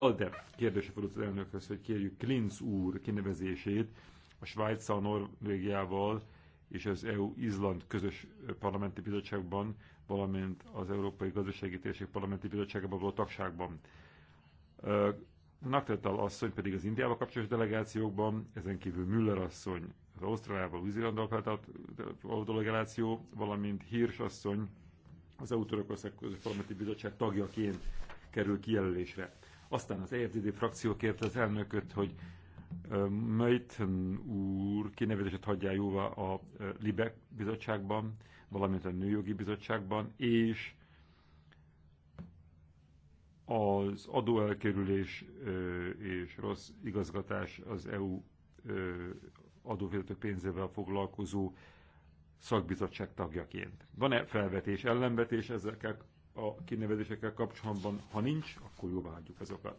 Alde kérdése fordult az elnökhöz, hogy kérjük Klinz úr kinevezését a Svájccal, Norvégiával és az EU-Izland közös parlamenti bizottságban, valamint az Európai Gazdasági Térség parlamenti bizottságában való tagságban. Naktetal asszony pedig az Indiával kapcsolatos delegációkban, ezen kívül Müller asszony az Ausztráliával, Új-Zélanddal való delegáció, valamint Hirsch asszony az EU-Törökország közös parlamenti bizottság tagjaként kerül kijelölésre. Aztán az EFDD frakció kérte az elnököt, hogy Möjtön úr kinevezését hagyja jóvá a Libe bizottságban, valamint a Nőjogi Bizottságban, és az adóelkerülés és rossz igazgatás az EU adófizető pénzével foglalkozó szakbizottság tagjaként. Van-e felvetés, ellenvetés ezekkel a kinevezésekkel kapcsolatban, ha nincs, akkor jóváhagyjuk azokat.